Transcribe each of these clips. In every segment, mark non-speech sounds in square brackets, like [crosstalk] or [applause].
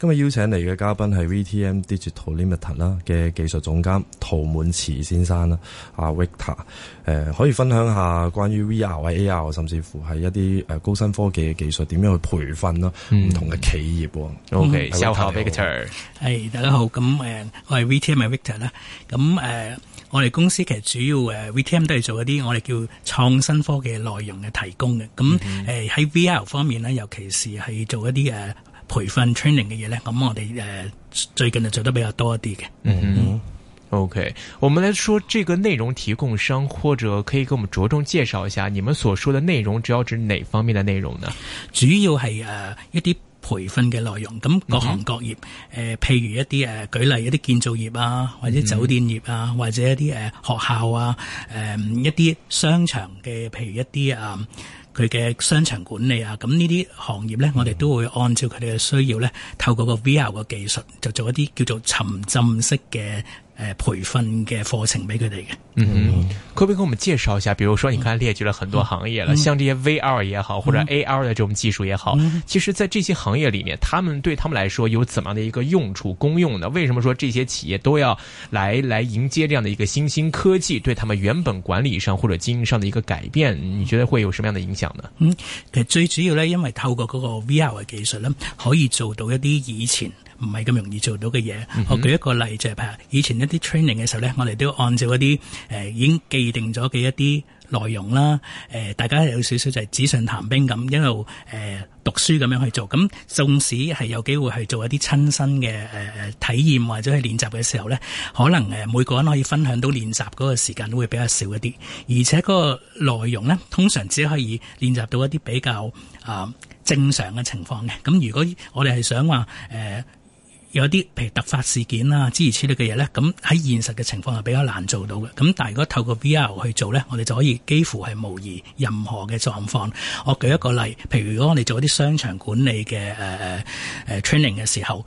今日邀請嚟嘅嘉賓係 V T M Digital Limited 啦嘅技術總監淘滿慈先生啦，阿、啊、Victor，誒、呃、可以分享下關於 VR、AR 甚至乎係一啲誒高新科技嘅技術點樣去培訓囉？唔同嘅企業。O K，Victor，係大家好，咁誒、uh, 我係 V T M 嘅 Victor 啦，咁、uh, 誒我哋公司其實主要誒、uh, V T M 都係做一啲我哋叫創新科技內內容嘅提供嘅，咁誒喺 VR 方面咧，尤其是係做一啲誒。Uh, 培訓 training 嘅嘢咧，咁我哋誒，最近就做得比較多一啲嘅。嗯哼嗯，OK，我們來說這個內容提供商，或者可以給我們着重介紹一下，你們所說的內容主要指哪方面的內容呢？主要係誒一啲培訓嘅內容，咁各行各業，誒、嗯哼呃、譬如一啲誒、呃，舉例一啲建造業啊，或者酒店業啊，嗯、哼或者一啲誒、呃、學校啊，誒、呃、一啲商場嘅，譬如一啲啊。呃佢嘅商場管理啊，咁呢啲行業咧，我哋都會按照佢哋嘅需要咧，透過個 VR 個技術，就做一啲叫做沉浸式嘅。呃、培訓嘅課程俾佢哋嘅。嗯哼，嗯哼可唔可以跟我們介紹一下？比如說，你看列舉了很多行業啦，嗯嗯、像這些 VR 也好，或者 AR 嘅這種技術也好，嗯、哼其實，在這些行業裏面，他們對他們來說有怎麼樣的一個用處、功用呢？為什麼說這些企業都要來來迎接這樣的一個新興科技，對他們原本管理上或者經營上的一個改變？你覺得會有什麼樣的影響呢？嗯，其實最主要呢，因為透過嗰個 VR 嘅技術咧，可以做到一啲以前。唔係咁容易做到嘅嘢。嗯、哼我舉一個例子，就係譬如以前一啲 training 嘅時候咧，我哋都按照一啲、呃、已經既定咗嘅一啲內容啦、呃，大家有少少就係紙上談兵咁一路誒、呃、讀書咁樣去做。咁縱使係有機會去做一啲親身嘅誒、呃、體驗或者係練習嘅時候咧，可能每個人可以分享到練習嗰個時間都會比較少一啲，而且嗰個內容呢，通常只可以練習到一啲比較啊、呃、正常嘅情況嘅。咁如果我哋係想話誒，呃有啲譬如突發事件啦、啊，諸如此類嘅嘢咧，咁喺現實嘅情況係比較難做到嘅。咁但係如果透過 VR 去做咧，我哋就可以幾乎係模擬任何嘅狀況。我舉一個例，譬如如果我哋做一啲商場管理嘅誒、呃呃、training 嘅時候。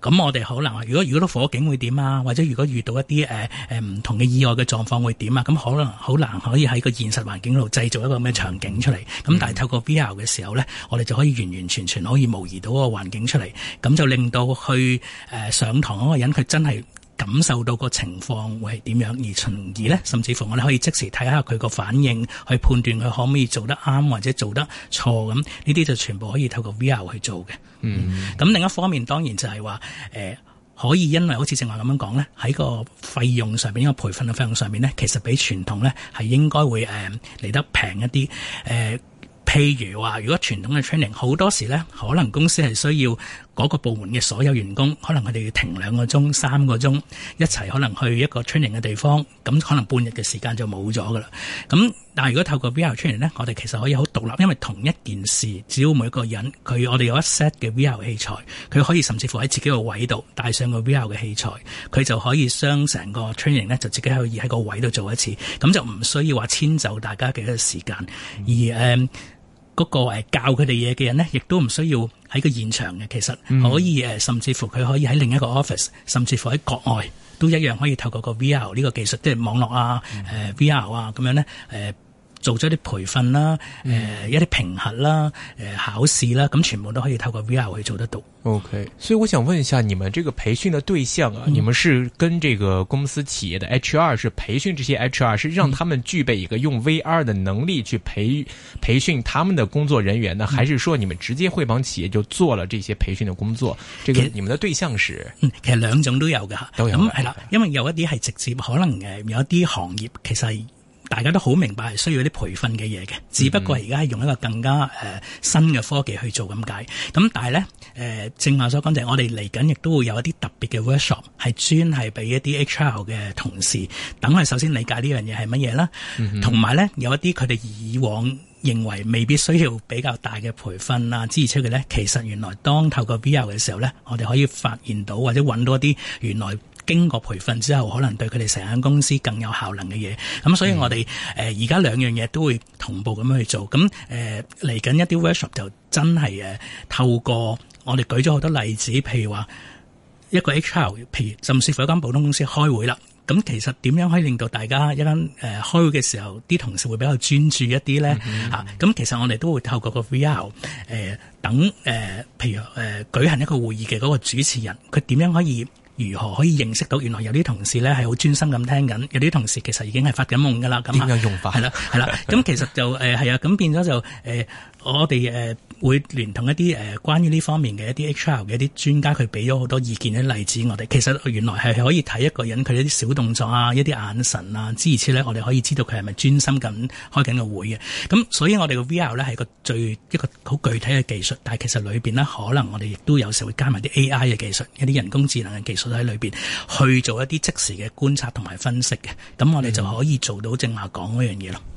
咁我哋可能話，如果如果啲火警會點啊，或者如果遇到一啲誒唔同嘅意外嘅狀況會點啊，咁可能好難可以喺個現實環境度製造一個咁嘅場景出嚟。咁但係透過 VR 嘅時候咧，我哋就可以完完全全可以模擬到個環境出嚟，咁就令到去誒上堂嗰個人佢真係，感受到個情況會係點樣，而從而咧，甚至乎我哋可以即時睇下佢個反應，去判斷佢可唔可以做得啱或者做得錯咁，呢啲就全部可以透過 VR 去做嘅。嗯，咁另一方面當然就係話、呃，可以因為好似正話咁樣講咧，喺個費用上面，呢個培訓嘅費用上面咧，其實比傳統咧係應該會誒嚟、呃、得平一啲。誒、呃，譬如話，如果傳統嘅 training 好多時咧，可能公司係需要。嗰個部門嘅所有員工，可能佢哋要停兩個鐘、三個鐘，一齊可能去一個 training 嘅地方，咁可能半日嘅時間就冇咗噶啦。咁但係如果透過 VR training 咧，我哋其實可以好獨立，因為同一件事，只要每個人佢我哋有一 set 嘅 VR 器材，佢可以甚至乎喺自己個位度戴上個 VR 嘅器材，佢就可以將成個 training 咧就自己可以喺個位度做一次，咁就唔需要話遷就大家嘅時間，而、嗯嗰、那個教佢哋嘢嘅人呢，亦都唔需要喺個現場嘅，其實可以誒、嗯，甚至乎佢可以喺另一個 office，甚至乎喺國外都一樣可以透過個 VR 呢個技術，即係網絡啊，誒、嗯呃、VR 啊咁樣呢。誒、呃。做咗啲培訓啦，誒、呃，嗯、一啲評核啦，誒、呃，考試啦，咁全部都可以透過 VR 去做得到。OK，所以我想問一下，你們這個培訓嘅對象啊，嗯、你們是跟這個公司企業的 HR 是培訓這些 HR，是讓他們具備一個用 VR 的能力去培、嗯、培訓他們的工作人員呢，嗯、還是說你們直接會幫企業就做了這些培訓嘅工作？這個你們的對象是，其實兩、嗯、種都有㗎都有係啦，因為有一啲係直接可能誒，有一啲行業其實。大家都好明白係需要啲培訓嘅嘢嘅，只不過而家係用一個更加誒、呃、新嘅科技去做咁解。咁但係咧誒，正話所講就係我哋嚟緊亦都會有一啲特別嘅 workshop，係專係俾一啲 HR 嘅同事等佢首先理解、嗯、哼呢樣嘢係乜嘢啦。同埋咧有一啲佢哋以往認為未必需要比較大嘅培訓啊，支持出嘅咧，其實原來當透過 VR 嘅時候咧，我哋可以發現到或者搵到一啲原來。經過培訓之後，可能對佢哋成間公司更有效能嘅嘢。咁所以我哋誒而家兩樣嘢都會同步咁樣去做。咁誒嚟緊一啲 workshop 就真係誒、呃、透過我哋舉咗好多例子，譬如話一個 HR，譬如甚至乎一間普通公司開會啦。咁其實點樣可以令到大家一間誒、呃、開會嘅時候，啲同事會比較專注一啲咧？吓咁、嗯嗯啊、其實我哋都會透過個 VR 誒、呃、等誒、呃，譬如誒、呃、舉行一個會議嘅嗰個主持人，佢點樣可以？如何可以認識到原來有啲同事咧係好專心咁聽緊，有啲同事其實已經係發緊夢噶啦。咁樣用法，係啦，係啦。咁 [laughs] 其實就誒係啊，咁變咗就誒。我哋誒會聯同一啲誒關於呢方面嘅一啲 HR 嘅一啲專家，佢俾咗好多意見嘅例子。我哋其實原來係可以睇一個人佢一啲小動作啊、一啲眼神啊，之而且咧，我哋可以知道佢係咪專心咁開緊個會嘅。咁所以我哋嘅 VR 咧係個最一個好具體嘅技術，但係其實裏面呢，可能我哋亦都有時會加埋啲 AI 嘅技術、一啲人工智能嘅技術喺裏面去做一啲即時嘅觀察同埋分析嘅。咁我哋就可以做到正話講嗰樣嘢咯。嗯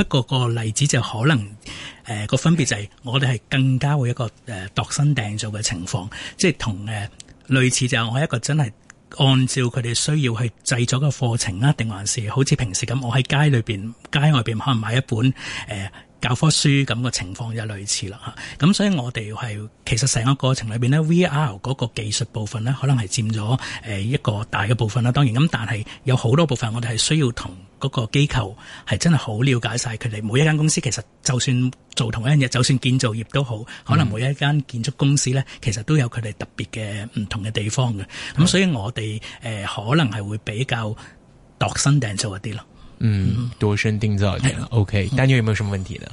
一個個例子就可能，誒、呃、個分別就係我哋係更加會一個誒度、呃、身訂造嘅情況，即係同誒類似就係我一個真係按照佢哋需要去製作嘅課程啦，定還是好似平時咁，我喺街裏邊、街外邊可能買一本誒。呃教科書咁個情況就類似啦吓，咁所以我哋係其實成個過程裏邊咧，VR 嗰個技術部分咧，可能係佔咗誒一個大嘅部分啦。當然咁，但係有好多部分我哋係需要同嗰個機構係真係好了解晒，佢哋每一間公司，其實就算做同一樣嘢，就算建造業都好，可能每一間建築公司咧，其實都有佢哋特別嘅唔同嘅地方嘅。咁、嗯、所以我哋誒可能係會比較度身訂造一啲咯。嗯，量身訂造 OK。Daniel 有冇咩問題呢？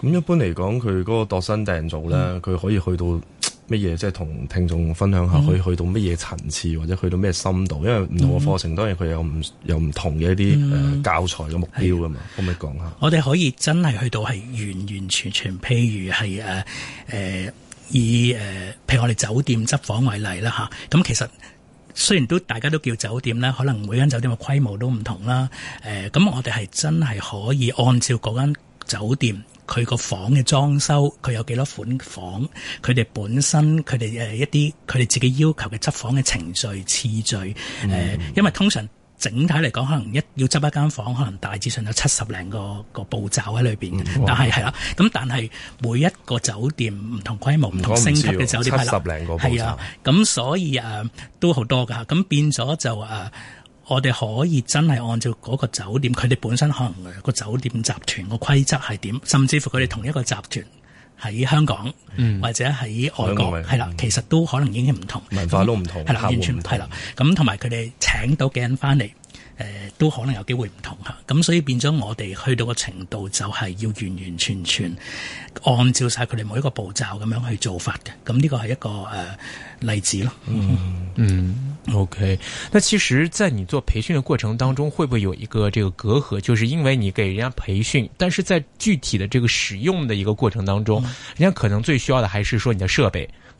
咁、嗯、一般嚟講，佢嗰個度身訂造咧，佢、嗯、可以去到乜嘢？即係同聽眾分享一下，嗯、可以去到乜嘢層次，或者去到咩深度？因為唔同嘅課程，嗯、當然佢有唔有唔同嘅一啲誒、嗯、教材嘅目標噶嘛。可唔的可以講下？我哋可以真係去到係完完全全，譬如係誒誒以誒、呃，譬如我哋酒店執房為例啦，吓、啊、咁其實。雖然都大家都叫酒店咧，可能每間酒店嘅規模都唔同啦。誒、呃，咁我哋係真係可以按照嗰間酒店佢個房嘅裝修，佢有幾多款房，佢哋本身佢哋誒一啲佢哋自己要求嘅執房嘅程序次序誒，呃嗯、因為通常。整體嚟講，可能一要執一間房，可能大致上有七十零個個步驟喺裏邊、嗯。但係係啦，咁但係每一個酒店唔同規模、唔、嗯、同星級嘅酒、嗯啊啊啊、酒店，七十零個係啊，咁所以誒都好多噶。咁變咗就誒，我哋可以真係按照嗰個酒店佢哋本身可能個酒店集團個規則係點，甚至乎佢哋同一個集團。喺香港、嗯、或者喺外國，係啦，其實都可能已經唔同，文化都唔同，係啦、嗯，完全唔同。係啦。咁同埋佢哋請到幾人翻嚟？誒、呃，都可能有機會唔同吓，咁、啊、所以變咗我哋去到個程度，就係要完完全全按照晒佢哋每一個步驟咁樣去做法嘅。咁、啊、呢、這個係一個誒、呃、例子咯。嗯嗯，OK。那其實，在你做培訓的過程當中，會唔會有一個這個隔閡？就是因為你給人家培訓，但是在具體的這個使用的一個過程當中，人家可能最需要的還是說你的設備。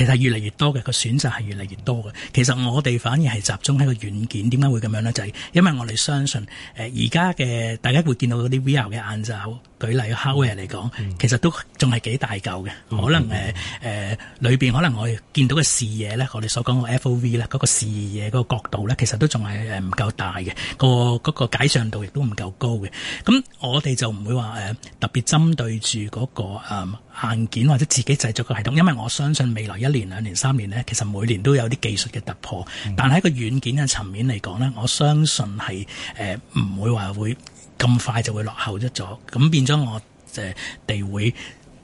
其實越嚟越多嘅個選擇係越嚟越多嘅。其實我哋反而係集中喺個軟件。點解會咁樣呢？就係、是、因為我哋相信誒而家嘅大家會見到嗰啲 VR 嘅眼罩。舉例 Hardware 嚟講，嗯、其實都仲係幾大舊嘅。嗯、可能誒誒裏邊可能我哋見到嘅視野呢，我哋所講嘅 FOV 呢，嗰個視野嗰個角度呢，其實都仲係唔夠大嘅。嗰個嗰、嗰個解像度亦都唔夠高嘅。咁我哋就唔會話誒、呃、特別針對住嗰、嗰個、嗯硬件或者自己製作個系統，因為我相信未來一年、兩年、三年咧，其實每年都有啲技術嘅突破。嗯、但係喺個軟件嘅層面嚟講咧，我相信係誒唔會話會咁快就會落後一咗。咁變咗我誒哋會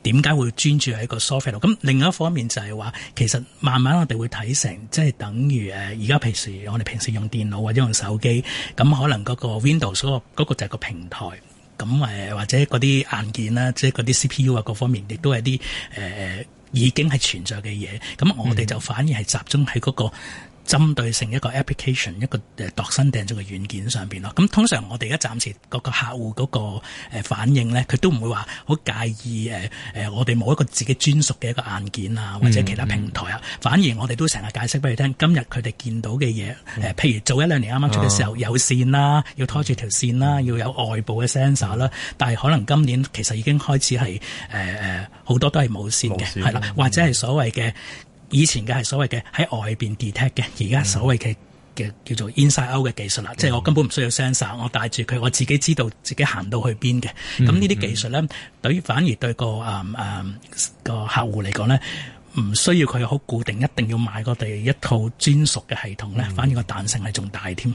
點解會專注喺個 software 度，咁另一方面就係話其實慢慢我哋會睇成即係等於誒而家平時我哋平時用電腦或者用手機，咁可能嗰個 Windows 嗰個嗰個就係個平台。咁誒，或者嗰啲硬件啦，即係嗰啲 C P U 啊、各方面，亦都係啲誒已經係存在嘅嘢。咁我哋就反而係集中喺嗰個。針對性一個 application 一個誒度、呃、身訂造嘅軟件上面。咯，咁通常我哋而家暫時各個客戶嗰、嗰個、呃、反應咧，佢都唔會話好介意誒、呃呃、我哋冇一個自己專屬嘅一個硬件啊，或者其他平台啊，嗯嗯、反而我哋都成日解釋俾佢聽，今日佢哋見到嘅嘢、嗯呃、譬如做一兩年啱啱出嘅時候、哦、有線啦，要拖住條線啦，要有外部嘅 sensor 啦，但係可能今年其實已經開始係誒好多都係冇線嘅，係啦，的嗯、或者係所謂嘅。以前嘅係所謂嘅喺外面 detect 嘅，而家所謂嘅嘅叫做 inside out 嘅技術啦，即係我根本唔需要 sensor，我帶住佢，我自己知道自己行到去邊嘅。咁呢啲技術咧，對於反而對個誒誒個客戶嚟講咧，唔需要佢好固定，一定要買個第一套專屬嘅系統咧，反而個彈性係仲大添。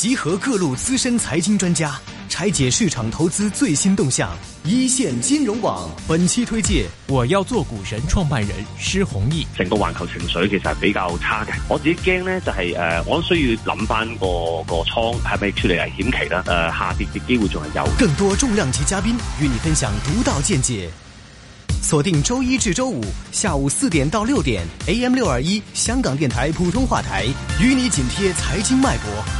集合各路資深財經專家，拆解市場投資最新動向。一線金融網本期推介，我要做股神創辦人施弘毅。整個環球情緒其實是比較差的，我自己驚呢，就係呃我需要諗翻個個倉係咪出嚟危險期呢？呃下跌嘅機會仲係有。更多重量級嘉賓與你分享獨到見解，鎖定周一至周五下午四點到六點，AM 六二一香港電台普通話台，與你緊貼財經脈搏。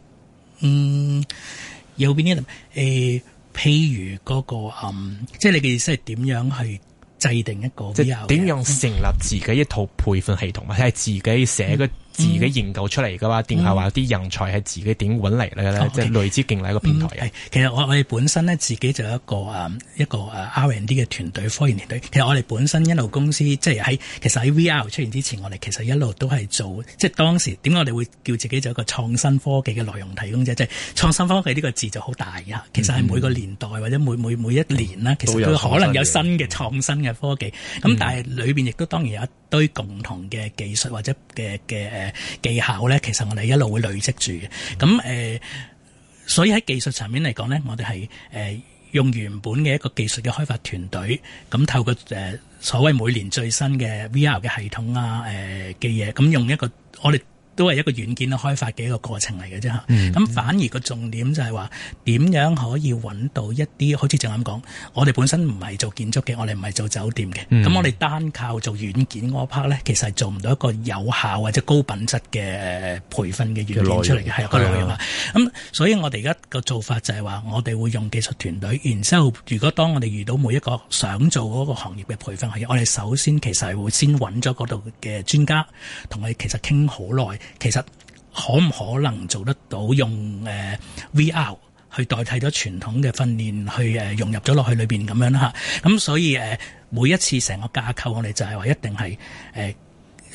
嗯，有邊啲？誒、呃、譬如、那個嗯，即係你嘅意思係點樣去制定一個係即係點樣成立自己一套培訓系統啊？即係、嗯、自己寫嘅。嗯自己研究出嚟嘅話，定係話啲人才係自己點搵嚟嘅咧？哦、okay，即係類似勁禮一個平台，其實我我哋本身咧，自己就一個啊一個啊 R&D 嘅團隊，科研團隊。其實我哋本，本身一路公司，即係喺其實喺 VR 出現之前，我哋其實一路都係做。即係當時點解我哋會叫自己做一個創新科技嘅內容提供者？即係創新科技呢個字就好大啊！其實係每個年代或者每每每一年啦，嗯、其實佢可能有新嘅創新嘅科技。咁、嗯、但係裏邊亦都當然有。堆共同嘅技術或者嘅嘅誒技巧咧，其實我哋一路會累積住嘅。咁誒，所以喺技術層面嚟講咧，我哋係誒用原本嘅一個技術嘅開發團隊，咁透過誒所謂每年最新嘅 VR 嘅系統啊誒嘅嘢，咁用一個我哋。都係一個軟件嘅開發嘅一個過程嚟嘅啫吓，咁、嗯、反而個重點就係話點樣可以揾到一啲好似正話咁講，我哋本身唔係做建築嘅，我哋唔係做酒店嘅，咁、嗯、我哋單靠做軟件嗰 part 咧，其實係做唔到一個有效或者高品質嘅培訓嘅軟件出嚟嘅，係個內容啊。咁對的所以我哋而家個做法就係話，我哋會用技術團隊，然之後如果當我哋遇到每一個想做嗰個行業嘅培訓，我哋首先其實係會先揾咗嗰度嘅專家，同佢其實傾好耐。其實可唔可能做得到用、呃、VR 去代替咗傳統嘅訓練，去、呃、融入咗落去裏邊咁樣吓？咁所以、呃、每一次成個架構我、就是，我哋就係話一定係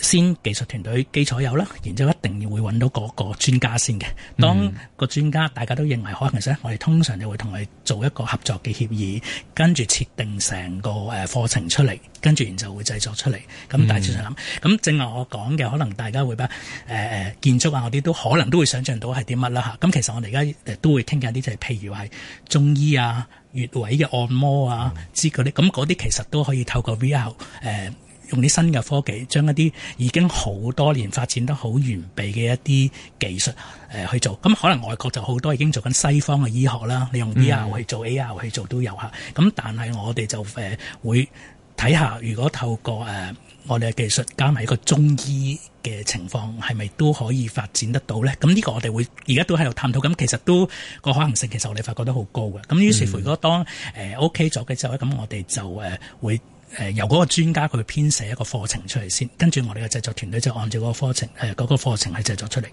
先技術團隊基礎有啦，然之後一定要會揾到嗰個專家先嘅。當個專家大家都認為可能、嗯、其實我哋通常就會同佢做一個合作嘅協議，跟住設定成個誒課程出嚟，跟住然就會製作出嚟。咁大致上常諗。咁、嗯、正係我講嘅，可能大家會把誒、呃、建築啊、嗰啲都可能都會想象到係啲乜啦吓。咁其實我哋而家都會傾緊啲就係譬如話係中醫啊、穴位嘅按摩啊之嗰啲，咁嗰啲其實都可以透過 VR、呃用啲新嘅科技，將一啲已經好多年發展得好完備嘅一啲技術、呃、去做，咁可能外國就好多已經做緊西方嘅醫學啦，你用 VR 去做 AR 去做都、嗯、有吓，咁但係我哋就誒、呃、會睇下，如果透過誒、呃、我哋嘅技術加埋一個中醫嘅情況，係咪都可以發展得到咧？咁呢個我哋會而家都喺度探討，咁其實都個可能性其實我哋發覺得好高嘅。咁、嗯、於是乎，如果當誒、呃、OK 咗嘅之後咧，咁我哋就誒、呃、會。誒由嗰個專家佢編寫一個課程出嚟先，跟住我哋嘅製作團隊就按照嗰個課程，嗰、嗰個課程係製作出嚟。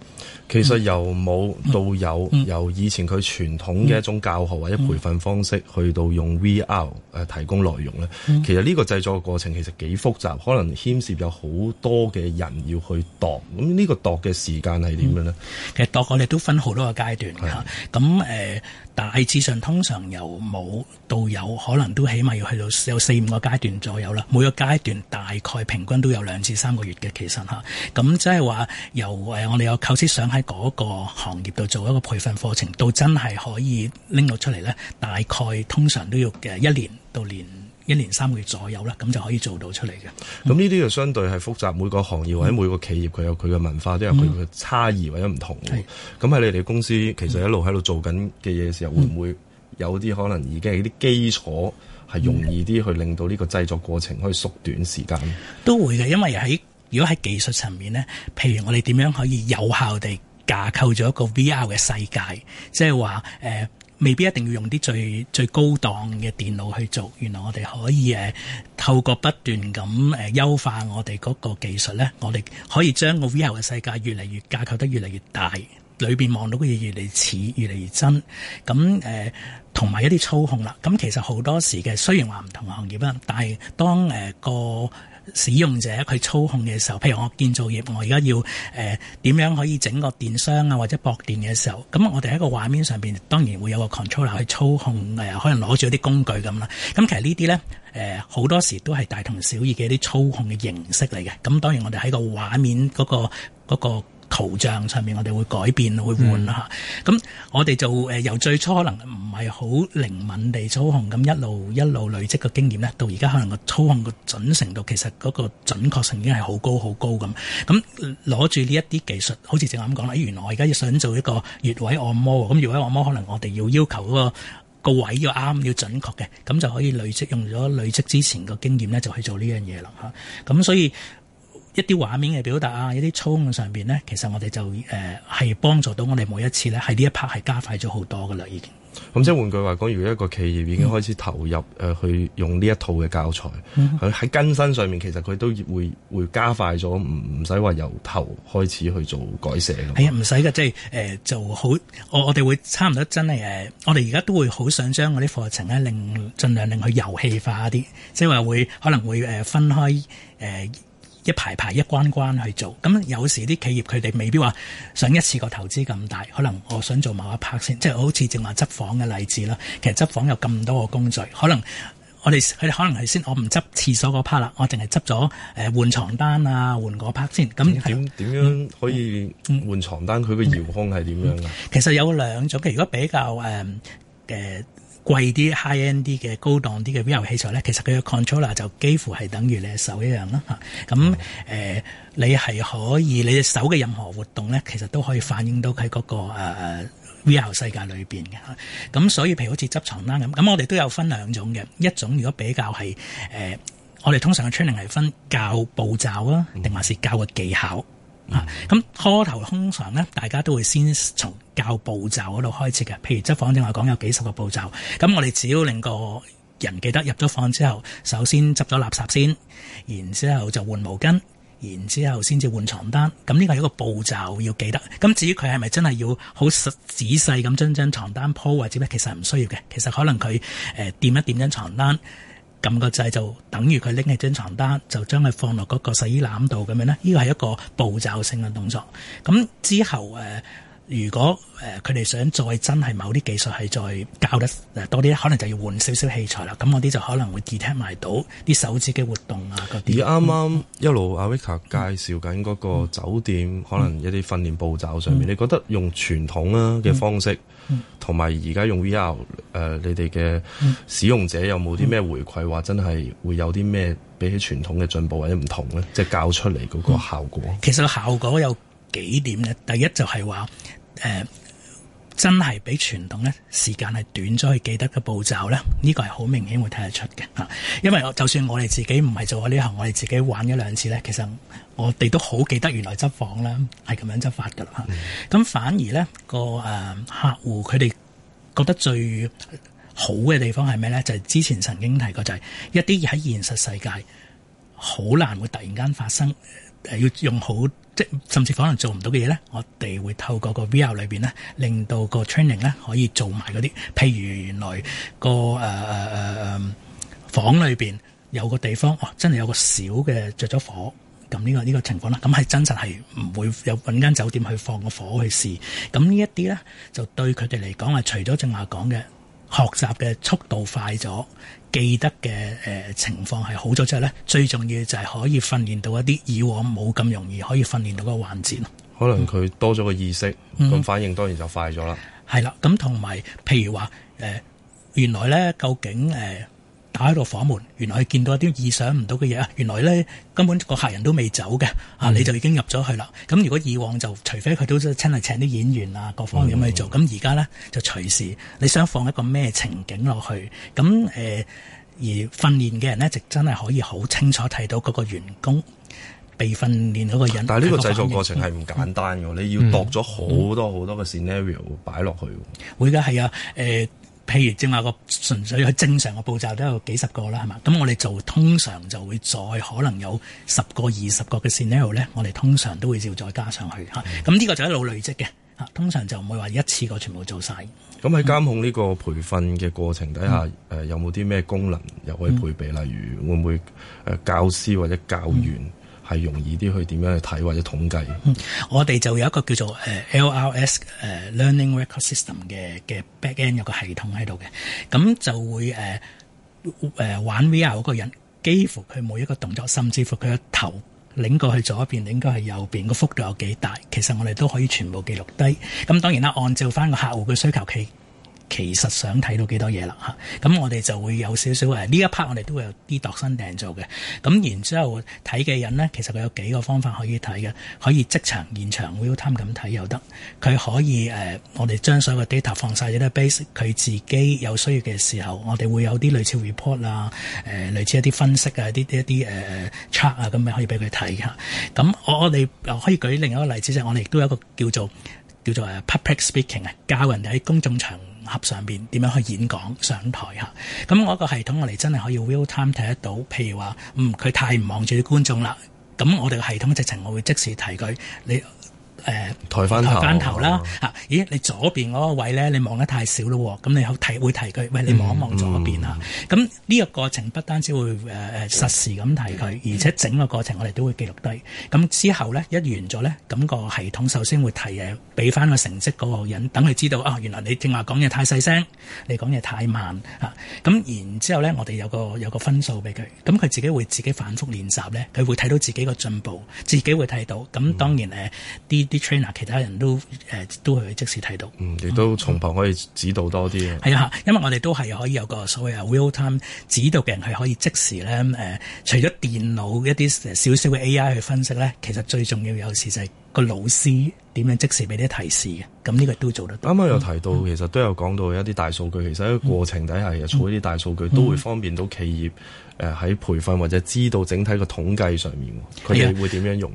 其實由冇到有，嗯嗯、由以前佢傳統嘅一種教學或者培訓方式，去到用 VR 提供內容呢，嗯嗯、其實呢個製作過程其實幾複雜，可能牽涉有好多嘅人要去度。咁呢個度嘅時間係點樣呢、嗯？其實度我哋都分好多個階段㗎。咁誒的。啊。大致上通常由冇到有，可能都起碼要去到有四五個階段左右啦，每個階段大概平均都有兩至三個月嘅其實嚇，咁即係話由、呃、我哋有構思想喺嗰個行業度做一個培訓課程，到真係可以拎到出嚟咧，大概通常都要嘅一年到年。一年三個月左右啦，咁就可以做到出嚟嘅。咁呢啲就相對係複雜，每個行業或者每個企業佢有佢嘅文化，都有佢嘅差異、嗯、或者唔同。咁喺是你哋公司，其實一路喺度做緊嘅嘢嘅時候，嗯、會唔會有啲可能已經係啲基礎係容易啲，去令到呢個製作過程可以縮短時間都會嘅，因為喺如果喺技術層面咧，譬如我哋點樣可以有效地架構咗一個 VR 嘅世界，即係話誒。呃未必一定要用啲最最高檔嘅電腦去做，原來我哋可以誒透過不斷咁誒、呃、優化我哋嗰個技術咧，我哋可以將個 VR 嘅世界越嚟越架構得越嚟越大，裏邊望到嘅嘢越嚟似，越嚟越真。咁誒同埋一啲操控啦。咁其實好多時嘅雖然話唔同行業啦，但係當誒、呃、個使用者佢操控嘅時候，譬如我建造業，我而家要誒點、呃、樣可以整個電商啊，或者駁電嘅時候，咁我哋喺個畫面上邊當然會有個 controller 去操控，誒、呃、可能攞住啲工具咁啦。咁其實這些呢啲咧誒好多時都係大同小異嘅一啲操控嘅形式嚟嘅。咁當然我哋喺個畫面嗰個嗰個。嗰個圖像上面，我哋會改變去換嚇、嗯、咁我哋就誒由最初可能唔係好靈敏地操控，咁一路一路累積嘅經驗呢，到而家可能個操控個準成度，其實嗰個準確性已經係好高好高咁。咁攞住呢一啲技術，好似正咁講啦，原來我而家要想做一個穴位按摩，咁穴位按摩可能我哋要要求個個位要啱，要準確嘅，咁就可以累積用咗累積之前個經驗呢，就去做呢樣嘢啦嚇。咁所以。一啲畫面嘅表達啊，一啲操控上面呢，其實我哋就誒係、呃、幫助到我哋每一次咧，喺呢一 part 係加快咗好多噶啦，已經。咁即係換句話講，如果一個企業已經開始投入、嗯呃、去用呢一套嘅教材，佢喺、嗯呃、更新上面其實佢都會會加快咗，唔唔使話由頭開始去做改寫噶。係啊，唔使噶，即係誒就好、是呃，我我哋會差唔多真係誒、呃，我哋而家都會好想將我啲課程呢，令盡量令佢遊戲化一啲，即係話會可能會、呃、分開誒。呃一排排一關關去做，咁有時啲企業佢哋未必話想一次過投資咁大，可能我想做某一 part 先，即係好似正話執房嘅例子啦。其實執房有咁多個工序，可能我哋佢哋可能係先我唔執廁所嗰 part 啦，我淨係執咗誒、呃、換床單啊換嗰 part 先。咁點點樣可以換床單？佢個遙控係點樣啊、嗯嗯嗯嗯？其實有兩種嘅，如果比較誒、嗯嗯嗯貴啲、high end 啲嘅高檔啲嘅 VR 器材咧，其實佢嘅 controller 就幾乎係等於你隻手一樣啦嚇。咁誒，你係可以你隻手嘅任何活動咧，其實都可以反映到喺嗰、那個誒、uh, VR 世界裏面嘅嚇。咁所以譬如好似執床啦，咁，咁我哋都有分兩種嘅。一種如果比較係誒、呃，我哋通常嘅 training 係分教步驟啦，定還是教嘅技巧。咁、啊、拖頭通常咧，大家都會先從教步驟嗰度開始嘅。譬如執房，正話講有幾十個步驟，咁我哋只要令個人記得入咗房之後，首先執咗垃圾先，然之後就換毛巾，然之後先至換床單。咁、這、呢個係一個步驟要記得。咁至於佢係咪真係要好仔細咁將張床單鋪或者咩？其實係唔需要嘅。其實可能佢誒掂一掂張床單。撳個掣就等於佢拎起張床單，就將佢放落嗰個洗衣籃度咁樣呢，呢個係一個步驟性嘅動作。咁之後誒。呃如果誒佢哋想再真係某啲技術係再教得誒多啲咧，可能就要換少少器材啦。咁我啲就可能會 detect 埋到啲手指嘅活動啊嗰啲。而啱啱、嗯嗯、一路阿 Victor 介紹緊嗰個酒店、嗯、可能一啲訓練步驟上面，嗯、你覺得用傳統啊嘅方式，同埋而家用 VR 誒、呃，你哋嘅使用者有冇啲咩回饋話、嗯、真係會有啲咩比起傳統嘅進步或者唔同咧？嗯、即係教出嚟嗰個效果。嗯、其實個效果有幾點咧？第一就係話。誒、呃，真係比傳統咧時間係短咗，去記得嘅步驟咧，呢、呢個係好明顯會睇得出嘅吓，因為就算我哋自己唔係做嗰呢行，我哋自己玩咗兩次咧，其實我哋都好記得原來執房啦，係咁樣執法噶啦吓。咁反而咧，個誒客戶佢哋覺得最好嘅地方係咩咧？就係、是、之前曾經提過，就係一啲喺現實世界好難會突然間發生、呃，要用好。即甚至可能做唔到嘅嘢咧，我哋會透過個 VR 裏邊咧，令到個 training 咧可以做埋嗰啲。譬如原來個誒誒誒房裏邊有個地方，哦，真係有個小嘅着咗火，咁呢個呢個情況啦，咁係真實係唔會有揾間酒店去放個火去試。咁呢一啲咧，就對佢哋嚟講係除咗正話講嘅學習嘅速度快咗，記得嘅誒、呃、情況係好咗之後咧，最重要就係可以訓練到一啲以往冇咁容易可以訓練到個患者咯。可能佢多咗個意識，咁、嗯、反應當然就快咗啦。係啦、嗯，咁同埋譬如話誒、呃，原來咧究竟誒？呃打開個房門，原來佢見到一啲意想唔到嘅嘢啊！原來咧根本個客人都未走嘅嚇、嗯啊，你就已經入咗去啦。咁如果以往就除非佢都真係請啲演員啊各方面咁去做，咁而家咧就隨時你想放一個咩情景落去，咁誒、呃、而訓練嘅人呢，就真係可以好清楚睇到嗰個員工被訓練嗰個人。但係呢個製作過程係唔、嗯、簡單嘅，你要度咗好多好多個 scenario 擺落去。會嘅係啊，誒。呃譬如正話個純粹喺正常嘅步驟都有幾十個啦，係嘛？咁我哋就通常就會再可能有十個、二十個嘅 channel 咧，我哋通常都會照再加上去吓。咁呢個就一路累積嘅吓，通常就唔會話一次過全部做晒。咁喺監控呢個培訓嘅過程底下，誒、嗯呃、有冇啲咩功能又可以配備？嗯、例如會唔會誒教師或者教員？嗯係容易啲去點樣去睇或者統計。嗯，我哋就有一個叫做、uh, LRS、uh, Learning Record System 嘅嘅 back end 有一個系統喺度嘅，咁就會誒、uh, 玩 VR 嗰個人，幾乎佢每一個動作，甚至乎佢個頭擰過去左邊，應該係右邊，個幅度有幾大，其實我哋都可以全部記錄低。咁當然啦，按照翻個客戶嘅需求器，佢，其實想睇到幾多嘢啦吓，咁我哋就會有少少誒呢一 part，我哋都會有啲度身訂做嘅。咁然之後睇嘅人咧，其實佢有幾個方法可以睇嘅，可以即場現場 real time 咁睇又得。佢可以誒、呃、我哋將所有嘅 data 放晒啲 base，佢自己有需要嘅時候，我哋會有啲類似 report 啊，誒、呃、類似一啲分析啊，一啲一啲誒 check 啊，咁樣可以俾佢睇吓。咁我我哋可以舉另一個例子就係、是、我哋亦都有一個叫做叫做誒 public speaking 啊，教人哋喺公眾場，合上邊點樣去演講上台吓？咁我一個系統，我哋真係可以 real time 睇得到，譬如話，嗯佢太唔望住啲觀眾啦，咁我哋個系統直情我會即時提佢你。誒抬翻抬翻頭啦嚇、啊！咦，你左邊嗰個位咧，你望得太少咯喎，咁你有提會提佢，餵你望一望左邊嚇。咁呢個過程不單止會誒誒、呃、實時咁提佢，而且整個過程我哋都會記錄低。咁之後咧一完咗咧，咁、那個系統首先會提誒，俾翻個成績嗰個人，等佢知道啊，原來你正話講嘢太細聲，你講嘢太慢嚇。咁、啊、然之後咧，我哋有個有個分數俾佢，咁佢自己會自己反覆練習咧，佢會睇到自己個進步，自己會睇到。咁當然誒啲。嗯呃啲 trainer 其他人都誒都係即時睇到，嗯，亦都從旁可以指導多啲嘅。係啊、嗯，因為我哋都係可以有個所謂啊 real time 指導嘅人係可以即時咧誒、呃，除咗電腦一啲少少嘅 AI 去分析咧，其實最重要有時就係個老師點樣即時俾啲提示嘅。咁呢個都做得到。啱啱有提到，嗯、其實都有講到一啲大數據，其實喺過程底下其實儲啲大數據都會方便到企業誒喺培訓或者知道整體個統計上面，佢哋會點樣用？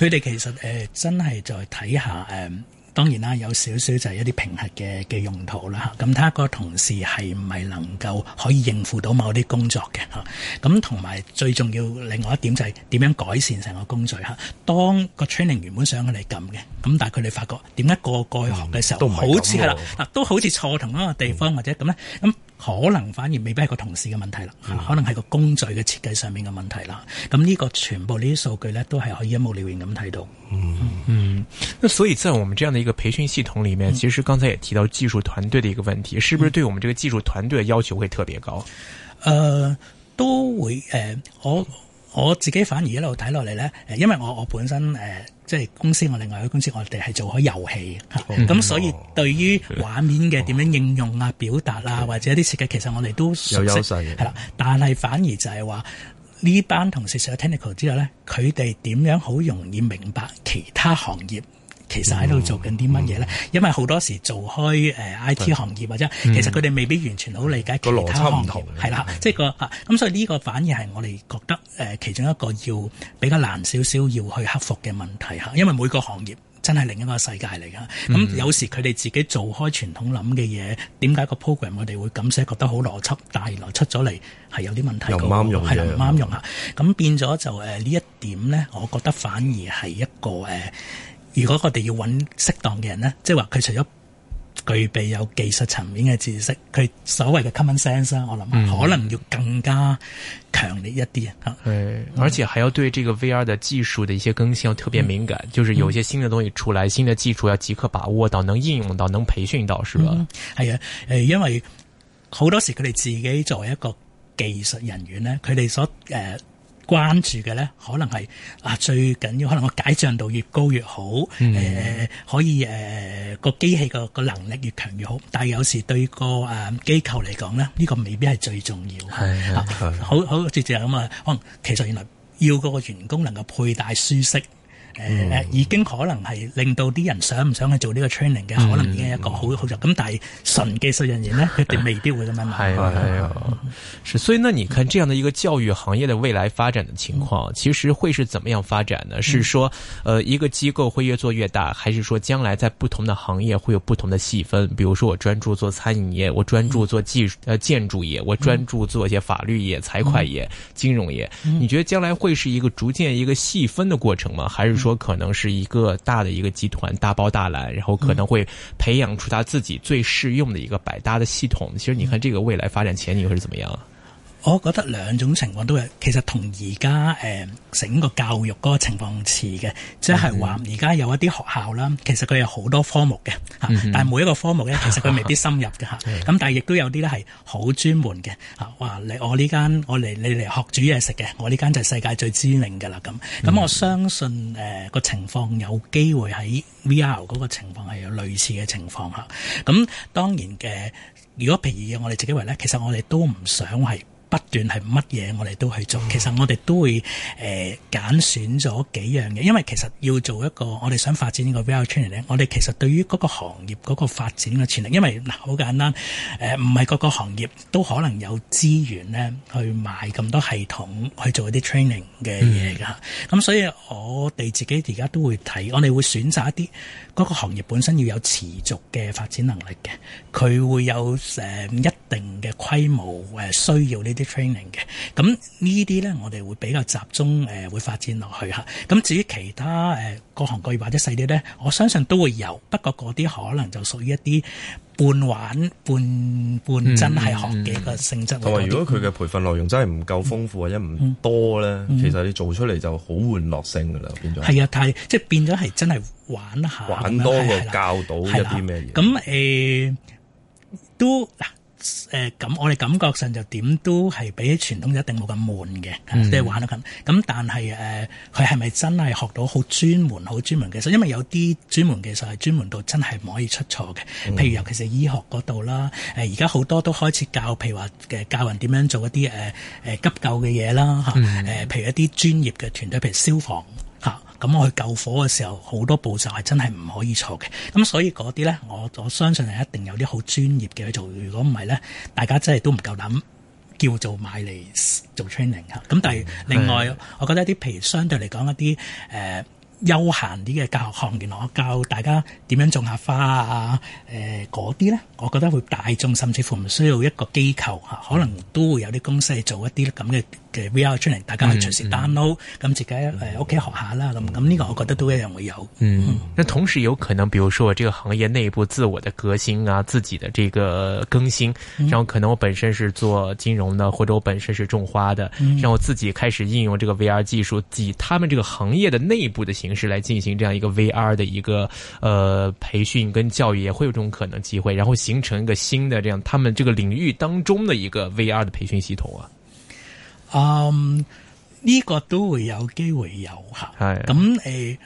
佢哋其實誒、呃、真係再睇下誒，當然啦，有少少就係一啲平衡嘅嘅用途啦嚇咁睇下個同事係唔係能夠可以應付到某啲工作嘅嚇咁同埋最重要另外一點就係點樣改善成個工序嚇、啊。當個 training 原本想佢哋撳嘅，咁、啊、但係佢哋發覺點解個,個個學嘅時候，嗯、都好似係啦，嗱、啊、都好似錯同一個地方、嗯、或者咁咧咁。啊可能反而未必係個同事嘅問題啦，可能係個工序嘅設計上面嘅問題啦。咁呢個全部呢啲數據呢，都係可以一目了然咁睇到，嗯。嗯嗯，那所以在我們這樣的一個培訓系統裡面，其實剛才也提到技術團隊的一個問題，是不是對我們這個技術團隊的要求會特別高？誒、嗯嗯嗯呃，都會誒、呃、我。我自己反而一路睇落嚟咧，誒，因為我我本身誒即係公司我另外一個公司，我哋係做開遊戲，咁、oh. 嗯、所以對於畫面嘅點樣應用啊、oh. 表達啊，或者一啲設計其實我哋都熟悉，係啦。但係反而就係話呢班同事上咗 technical 之後咧，佢哋點樣好容易明白其他行業。其實喺度做緊啲乜嘢咧？嗯嗯、因為好多時做開誒 I T 行業，或者，嗯、其實佢哋未必完全好理解其他行業。係啦，即係、就是、個咁，所以呢個反而係我哋覺得誒、呃、其中一個要比較難少少要去克服嘅問題嚇。因為每個行業真係另一個世界嚟噶。咁、嗯、有時佢哋自己做開傳統諗嘅嘢，點解個 program 我哋會咁寫覺得好邏輯，但係來出咗嚟係有啲問題又唔啱用。係啦，唔啱用啊。咁變咗就誒呢、呃、一點咧，我覺得反而係一個誒。呃如果我哋要揾適當嘅人呢，即係話佢除咗具備有技術層面嘅知識，佢所謂嘅 common sense 我諗可能要更加強烈一啲啊。嗯嗯、而且還要對這個 VR 嘅技術嘅一些更新要特別敏感，嗯、就是有些新嘅東西出來，新嘅技術要即刻把握到，能應用到，能培訓到，是吧？係啊、嗯呃，因為好多時佢哋自己作為一個技術人員呢，佢哋所、呃關注嘅咧，可能係啊最緊要，可能個解像度越高越好，嗯呃、可以誒個、呃、機器個能力越強越好，但係有時對個誒機構嚟講咧，呢、呢個未必係最重要。係啊，好好直接咁啊，可能其實原來要嗰個員工能夠佩戴舒適。已經可能係令到啲人想唔想去做呢個 training 嘅，可能已經係一個好好咗。咁但係純技術人員呢，佢哋未必會咁樣。係係係。啊。所以呢，你看，這樣的一個教育行業的未來發展的情況，其實會是怎麼樣發展呢？是說，呃，一個機構會越做越大，還是說將來在不同的行業會有不同的細分？比如說，我專注做餐飲業，我專注做技術，呃，建築業，我專注做一些法律業、財會業、金融業。你覺得將來會是一個逐漸一個細分的過程嗎？還是？說可能是一個大的一個集團大包大攬，然後可能會培養出他自己最適用的一個百搭的系統。其實你看這個未來發展前景會是怎麼樣啊？我覺得兩種情況都係其實同而家誒整個教育嗰個情況似嘅，即係話而家有一啲學校啦，其實佢有好多科目嘅、嗯、哼但係每一個科目咧，其實佢未必深入嘅咁、嗯、哼但係亦都有啲咧係好專門嘅嚇，哇我呢間我嚟你嚟學煮嘢食嘅，我呢間就係世界最知名嘅啦。咁咁、嗯、我相信誒個、呃、情況有機會喺 V R 嗰個情況係有類似嘅情況嚇。咁當然嘅、呃，如果譬如我哋自己為咧，其實我哋都唔想係。不斷係乜嘢，我哋都去做。其實我哋都會誒揀，呃、選咗幾樣嘢，因為其實要做一個我哋想發展呢個 VR training 咧，我哋其實對於嗰行業嗰發展嘅潛力，因為嗱好簡單誒唔係個個行業都可能有資源咧去買咁多系統去做一啲 training 嘅嘢㗎。咁、嗯、所以我哋自己而家都會睇，我哋會選擇一啲嗰，那個、行業本身要有持續嘅發展能力嘅，佢會有誒，呃、一定嘅規模誒，呃、需要呢啲。training 嘅，咁呢啲咧，我哋會比較集中，誒、呃，會發展落去吓。咁至於其他誒、呃，各行各業或者細啲咧，我相信都會有。不過嗰啲可能就屬於一啲半玩半半真係學嘅個性質。同埋、嗯，嗯、如果佢嘅培訓內容真係唔夠豐富或者唔多咧，嗯嗯、其實你做出嚟就好玩樂性噶啦，變咗係啊，但即係變咗係真係玩下，玩多個教導一啲咩嘢。咁誒、啊啊呃，都嗱。誒，咁、呃、我哋感覺上就點都係比傳統一定冇咁悶嘅，即係、mm hmm. 玩得緊。咁但係誒，佢係咪真係學到好專門、好專門技術？因為有啲專門技術係專門到真係唔可以出錯嘅。譬如尤其是醫學嗰度啦，誒而家好多都開始教，譬如話嘅教人點樣做一啲誒誒急救嘅嘢啦吓，誒、呃 mm hmm. 譬如一啲專業嘅團隊，譬如消防，咁我去救火嘅時候，好多步驟係真係唔可以錯嘅。咁所以嗰啲咧，我我相信係一定有啲好專業嘅去做。如果唔係咧，大家真係都唔夠膽叫做買嚟做 training。咁但係另外，嗯、我覺得一啲譬如相對嚟講一啲誒、呃、休閒啲嘅教學行業，我教大家點樣種下花啊，嗰啲咧，我覺得會大眾，甚至乎唔需要一個機構吓，可能都會有啲公司去做一啲咁嘅。嘅 VR 出嚟，大家去嘗試，試 download，咁、嗯嗯、自己誒屋企學下啦。咁咁呢個我覺得都一樣會有。嗯，那、嗯、同時有可能，比如說我這個行業內部自我的革新啊，自己的這個更新，然後可能我本身是做金融的，或者我本身是種花的，然後自己開始應用這個 VR 技術，以他們這個行業的內部的形式，來進行這樣一個 VR 的一個呃培訓跟教育，也會有這種可能機會，然後形成一個新的這樣他們這個領域當中的一個 VR 的培訓系統啊。啊呢、um, 個都會有機會有吓係咁誒，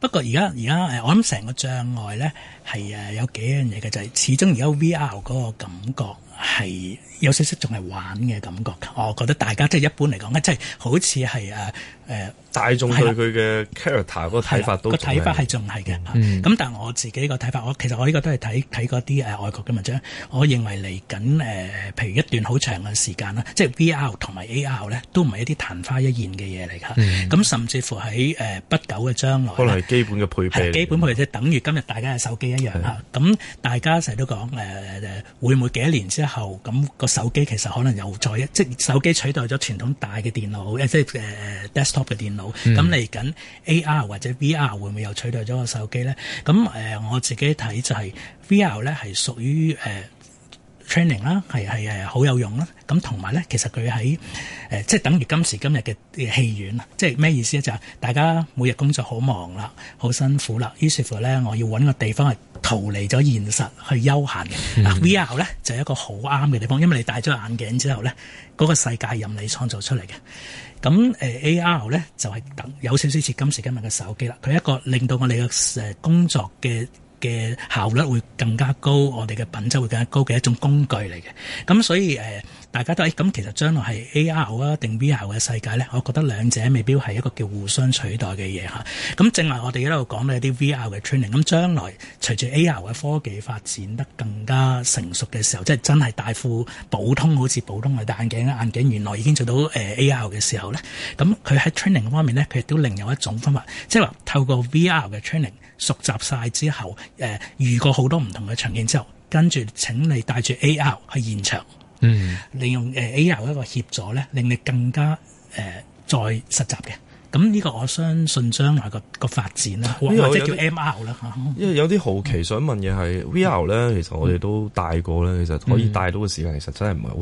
不過而家而家誒我諗成個障礙咧係誒有幾樣嘢嘅，就係、是、始終而家 VR 嗰個感覺。係有少少仲係玩嘅感覺，我覺得大家即係一般嚟講咧，即係好似係誒誒大眾對佢嘅 character 個睇法，都個睇法係仲係嘅，咁、嗯、但係我自己個睇法，我其實我呢個都係睇睇嗰啲誒外國嘅文章，我認為嚟緊誒譬如一段好長嘅時間啦，即係 VR 同埋 AR 咧，都唔係一啲曇花一現嘅嘢嚟嘅。咁、嗯、甚至乎喺誒不久嘅將來可能係基本嘅配備，基本配備，即等於今日大家嘅手機一樣嚇。咁、嗯、大家成日都講誒誒，會唔會幾多年之後。後咁個手機其實可能又再一，即手機取代咗傳統大嘅電腦，即係，呃、desktop 嘅電腦。咁嚟緊 AR 或者 VR 會唔會又取代咗個手機咧？咁誒，呃、我自己睇就係 VR 咧係屬於誒。呃 Training 啦，係係係好有用啦。咁同埋咧，其實佢喺誒，即係等於今時今日嘅戲院啦。即係咩意思咧？就係、是、大家每日工作好忙啦，好辛苦啦。於是乎咧，我要搵個地方係逃離咗現實去休閒嘅。嗱、嗯、VR 咧就係、是、一個好啱嘅地方，因為你戴咗眼鏡之後咧，嗰、那個世界任你創造出嚟嘅。咁誒 AR 咧就係、是、等有少少似今時今日嘅手機啦。佢一個令到我哋嘅誒工作嘅嘅效率會更加高，我哋嘅品質會更加高嘅一種工具嚟嘅。咁所以、呃、大家都咁、欸、其實將來係 AR 啊定 VR 嘅世界咧，我覺得兩者未必係一個叫互相取代嘅嘢吓。咁正話我哋一路講到一啲 VR 嘅 training。咁將來隨住 AR 嘅科技發展得更加成熟嘅時候，即係真係戴副普通好似普通嘅戴眼鏡眼鏡原來已經做到誒 AR 嘅時候咧，咁佢喺 training 方面咧，佢亦都另有一種方法，即係話透過 VR 嘅 training。熟習曬之後，誒、呃，遇過好多唔同嘅場景之後，跟住請你帶住 A R 去現場，嗯，利用誒 A R 一個協助咧，令你更加誒、呃、再實習嘅。咁呢個我相信將來個個發展呢，或者叫 M R 啦吓。因為有啲好奇想問嘅係 V R 咧，其實我哋都帶過咧，嗯、其實可以帶到嘅時間、嗯、其實真係唔係好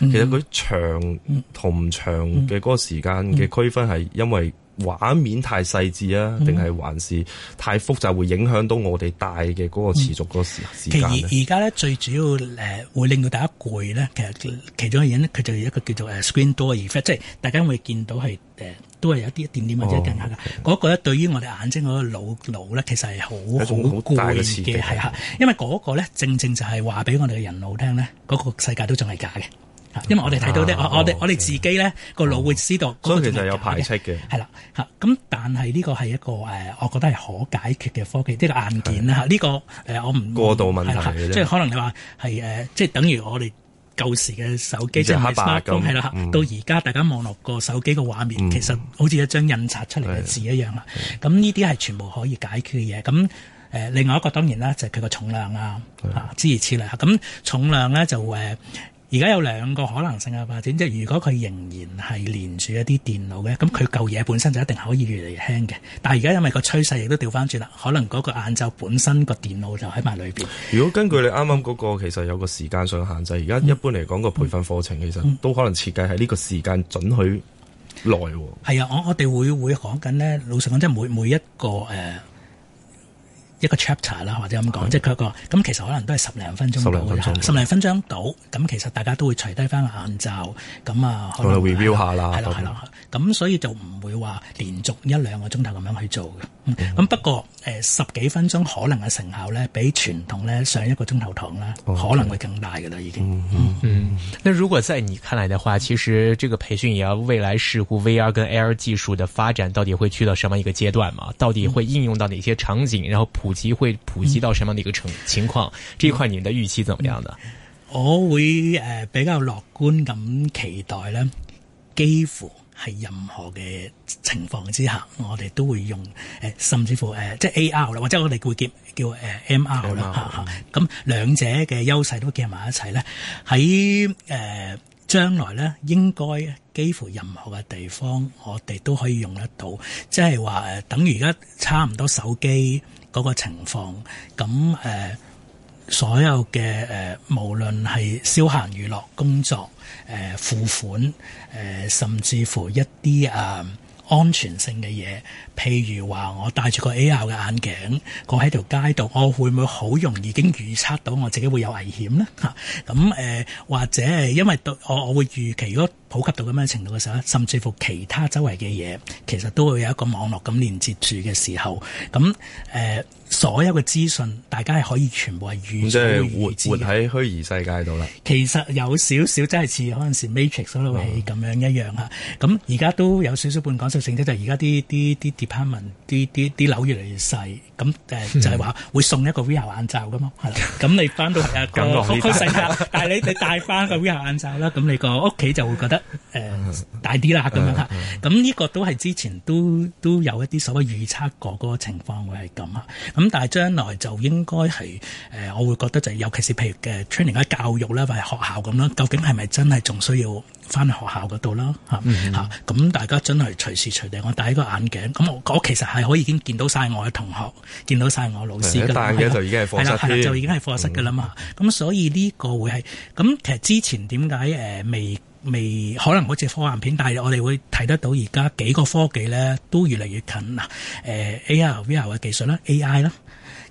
長。其實佢長同唔長嘅嗰個時間嘅區分係因為。畫面太細緻啊，定係還是太複雜，會影響到我哋戴嘅嗰個持續嗰個時時間咧？嗯、其而而家咧最主要誒，會令到大家攰咧。其實其中嘅原因呢，佢就一個叫做誒 screen door effect，即係大家會見到係誒都係有一啲一點點或者更下嘅。嗰、哦 okay、個咧對於我哋眼睛嗰個腦腦咧，其實係好好大嘅刺激，係吓。因為嗰個咧正正就係話俾我哋嘅人腦聽咧，嗰、那個世界都仲係假嘅。因為我哋睇到呢，我我哋我哋自己咧個腦會知道，所以其實有排斥嘅。係啦，嚇咁，但係呢個係一個誒，我覺得係可解決嘅科技，即係硬件啦。嚇呢個誒，我唔過度問題。即係可能你話係誒，即係等於我哋舊時嘅手機，即係黑白咁係啦。嚇到而家大家望落個手機嘅畫面，其實好似一張印刷出嚟嘅字一樣啦。咁呢啲係全部可以解決嘅嘢。咁誒，另外一個當然啦，就係佢個重量啊，啊諸如此類。咁重量咧就而家有兩個可能性嘅發展，即係如果佢仍然係連住一啲電腦嘅，咁佢舊嘢本身就一定可以越嚟越輕嘅。但係而家因為個趨勢亦都調翻轉啦，可能嗰個晏晝本身個電腦就喺埋裏邊。如果根據你啱啱嗰個，嗯、其實有個時間上限制，而家一般嚟講個培訓課程其實都可能設計喺呢個時間準許內。係、嗯嗯嗯、啊，我我哋會會講緊呢，老實講，即係每每一個誒。呃一個 chapter 啦，或者咁講，即係佢個咁其實可能都係十零分鐘到十零分鐘到咁，其實大家都會除低翻個眼罩咁啊，可能 review 下啦，係啦係啦，咁所以就唔會話連續一兩個鐘頭咁樣去做嘅。咁不過誒十幾分鐘可能嘅成效咧，比傳統咧上一個鐘頭堂啦可能會更大嘅啦，已經。嗯嗯。那如果在你看來嘅話，其實呢個培訓也要未來視乎 VR 跟 AR 技術嘅發展到底會去到什麼一個階段嘛？到底會應用到哪些場景？然後普機會普及到什麼樣的一個情情況？嗯、這一塊你哋嘅預期怎麼樣的？我會誒、呃、比較樂觀咁期待咧。幾乎喺任何嘅情況之下，我哋都會用誒、呃，甚至乎誒、呃，即係 A R 啦，或者我哋會叫叫誒 M R 啦。咁兩者嘅優勢都結合埋一齊咧。喺誒、呃、將來咧，應該幾乎任何嘅地方，我哋都可以用得到。即係話誒，等於而家差唔多手機。嗰個情況，咁誒、呃、所有嘅誒、呃，無論係消閒娛樂、工作、誒、呃、付款、誒、呃、甚至乎一啲誒、呃、安全性嘅嘢，譬如話我戴住個 AR 嘅眼鏡，我喺條街度，我會唔會好容易已經預測到我自己會有危險咧？嚇、啊！咁、呃、誒，或者因為對我，我會預期普及到咁樣程度嘅時候咧，甚至乎其他周圍嘅嘢，其實都會有一個網絡咁連接住嘅時候，咁誒、呃、所有嘅資訊大家係可以全部係語，即係活活喺虛擬世界度啦。其實有少少真係似嗰陣時 Matrix 嗰套戲咁樣一樣啊！咁而家都有少少半講述性質即就係而家啲啲啲 department 啲啲啲樓越嚟越細，咁誒、呃、就係、是、話會送一個 VR 眼罩㗎嘛，係啦、嗯，咁你翻到嚟個屋企世界，但係你你戴翻個 VR 眼罩啦，咁你個屋企就會覺得。誒，嗯、大啲啦，咁、嗯、樣吓，咁呢、嗯、個都係之前都都有一啲所謂預測過嗰個情況會係咁吓，咁但係將來就應該係誒，我會覺得就係、尤其是譬如嘅 training 嘅教育啦，或者學校咁啦，究竟係咪真係仲需要翻去學校嗰度啦吓吓？咁、嗯啊、大家真係隨時隨地我戴一個眼鏡，咁我我其實係可以已經見到晒我嘅同學，見到晒我老師嘅戴、嗯、的眼鏡就已經係課室，係啦，就已經係課室噶啦嘛。咁、嗯、所以呢個會係咁，其實之前點解誒未？未可能好似科幻片，但係我哋會睇得到而家幾個科技咧都越嚟越近啊！誒 A R 和 V R 嘅技術啦，A I 啦，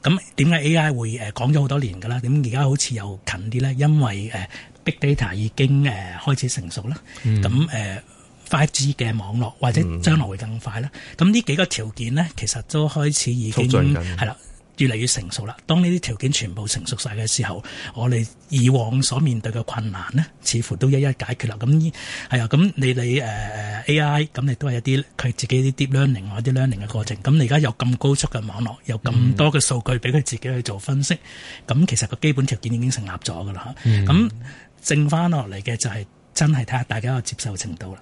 咁點解 A I 會誒講咗好多年㗎啦？點而家好似又近啲咧？因為誒、呃、big data 已經誒開始成熟啦，咁 5G 嘅網絡或者將來會更快啦。咁呢、嗯、幾個條件咧，其實都開始已經係啦。越嚟越成熟啦。當呢啲條件全部成熟晒嘅時候，我哋以往所面對嘅困難呢，似乎都一一解決啦。咁係啊，咁你你誒誒 A I 咁，你、呃、AI、你都係一啲佢自己啲 deep learning 或者 learning 嘅過程。咁你而家有咁高速嘅網絡，有咁多嘅數據俾佢自己去做分析。咁、嗯、其實個基本條件已經成立咗噶啦。咁、嗯、剩翻落嚟嘅就係真係睇下大家個接受程度啦。